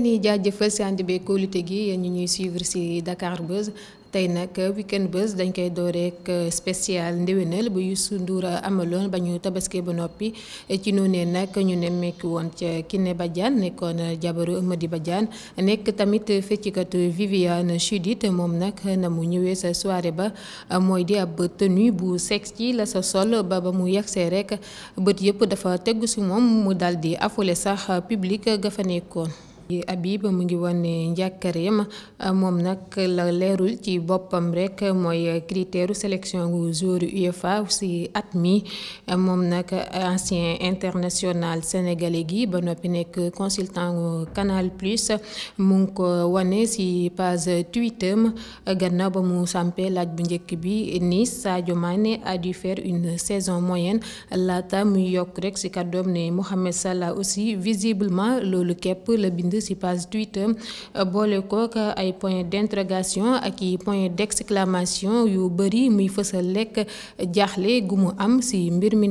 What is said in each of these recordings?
leen jaajëfal si bee kóolute gi yéen ñu ñuy suivre si Dakar tey nag weekend buzz dañ koy dooreek spécial ndéwénal bu Youssou amaloon ba ñu tabaskee ba noppi ci noonee nag ñu nemmeeku woon ca Kiné Badiane nekkoon jabaru Amady Badiane nekk tamit feccikatu Viviane Chidid moom nag na mu ñëwee sa soire ba mooy di ab tenue bu sexe ci la sa sol ba ba mu yegsee rek bët yëpp dafa tegu si moom mu daal di affolé sax public ga fa nekkoon. Habib mu ngi wane ma moom nag la leerul ci boppam rek mooy critère sélection gu joueur UEFA si at mi moom nag ancien international sénégalais gi ba noppi nekk consultant Canal Plus mu ngi ko wane si page Twitter am gannaaw ba mu sampee laaj bu njëkk bi ni Sadio Mané a dû faire une saison moyenne laata muy yokk rek si kàddoom ne Mohamed Salah aussi visiblement loolu képp la bind. si page Twitter euh, boole ko ay point d'interrogation ak i point d'exclamation yu bëri muy fësal lekk jaaxle gu mu am si mbir mi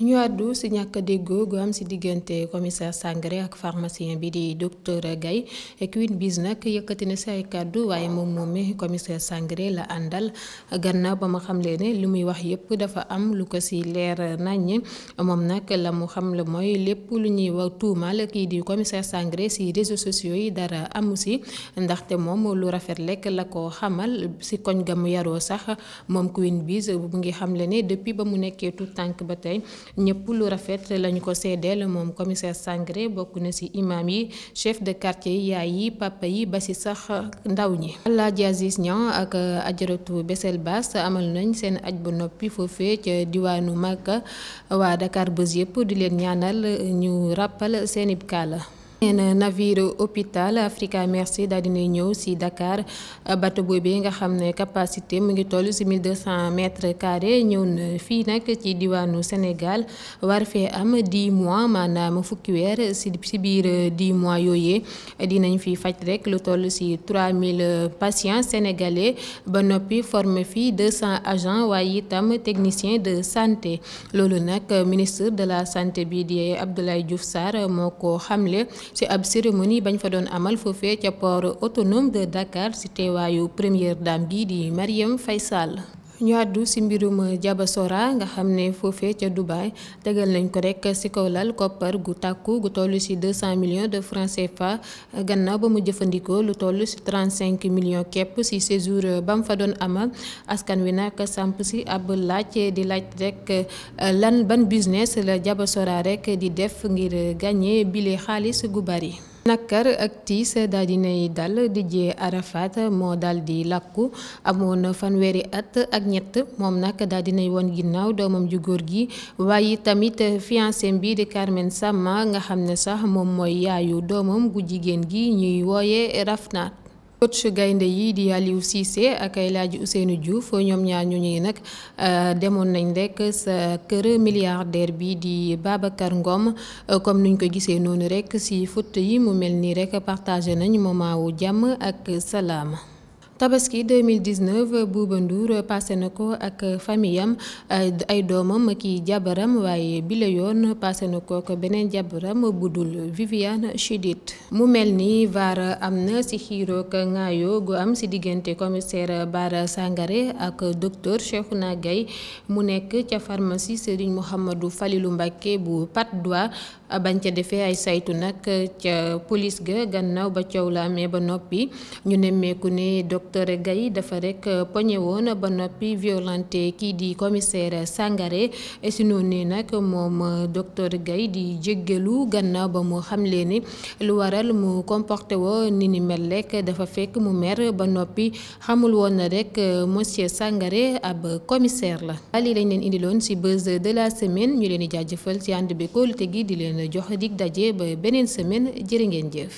ñu àddu si ñàkk déggoo gu am si diggante commissaire Sangaré ak pharmacien bi di docteur Gaye Queen Biz nag yëkkati na si ay waaye moom moomee commissaire Sangaré la àndal gannaaw ba ma xamle ne li muy wax yépp dafa am lu ko si leer naññ moom nag la mu xam le mooy lépp lu ñuy wax tuumaal kii di commissaire Sangaré si réseaux sociaux yi dara amu si ndaxte moom lu rafet lekk la ko xamal si koñ ga mu yaroo sax moom Queen Biz mu ngi xamle ne depuis ba mu nekkee tout tànk ba tey. ñëpp lu rafet lañu ko seedeel moom commissaire Sangaré bokk na ci imam yi chef de quartier yi yaay yi papa yi ba ci sax ndaw ñi. Alaaji Aziz Niang ak uh, ajaratu Bessel Bass amal nañ seen aj ba noppi foofee ca diwaanu Makka waa Dakar Buzz yëpp di leen ñaanal ñu ràppal seen ib kaala neen navire hôpital Africa Merci daal dinay ñëw si Dakar bateau bi nga xam ne capacité mu ngi toll si 1200 mètres carrés ñëw na fii nag ci diwaanu Sénégal war fee am 10 mois maanaam fukki weer si si biir 10 mois yooyee dinañ fi faj rek lu toll si 3000 patients sénégalais ba noppi former fii 200 agents waaye itam technicien de santé loolu nag ministre de la santé bi di Abdoulaye Diouf Sarr moo ko xamle. ci ab cérémonie bañ fa doon amal foofee ca poor autonome de Dakar ci teewaayu première dame gi di Marième Faye Sall ñu àddu si mbirum Diaba Sora nga xam ne foofee ca Dubaay tegal nañ ko rek si kaw lal koppar gu tàkku gu toll si 200 millions de francs fa gannaaw ba mu jëfandikoo lu toll si 35 million képp si séjour ba mu fa doon amal askan wi nag samp si ab laaj di laaj rek lan ban business la Diaba Sora rek di def ngir gagné bile xaalis gu bari. nakar ak tiis daal dinay dal Didier Arafat moo daal di làkku amoon fanweeri at ak ñett moom nag daal nay woon ginnaaw doomam ju góor gi waaye tamit fiancé bi di Carmen Sama nga xam ne sax moom mooy yaayu doomam gu jigéen gi ñuy wooye Rafnat coach gaynde yi di Aliou Cissé ak laaj laaji Ousseynou Diouf ñoom ñaar ñu ñuy nag euh, demoon nañ rek sa kër milliardaire bi di Babacar Ngom euh, comme nuñ ko gisee noonu rek si foot yi mu mel nii rek partagé nañ moment wu jàmm ak salaam. tabaski 2019 Bouba Ndour passé na ko ak famiyam ay doomam ki jabaram waaye bila yoon passé na ko ak beneen jabaram bu dul Viviane Chidid mu mel ni vaar am na ci xiiroog ŋaayoo gu am ci diggante commissaire Bara Sangaré ak docteur Cheikhouna Gaye mu nekk ca pharmacie Serigne Mouhamadou Falilou Mbacké bu Patte d'Oie bañ ca defee ay saytu nag ca police ga gannaaw ba coow la amee ba noppi ñu nemmeeku ne docteur docteur Gaye dafa rekk euh, poñe ba noppi violenté kii di commissaire Sangaré si noonu nag moom euh, docteur gay di jéggalu gannaaw ba mu xamle ni lu waral mu comporté woo ni ni mel dafa fekk mu mer ba noppi xamul woon na rek euh, monsieur Sangaré ab commissaire la. ali lañ leen indiloon si buzz de la semaine ñu leen di jaajëfal si ànd bi kóolute gi di leen jox di daje ba beneen semaine jërë ngeen jëf.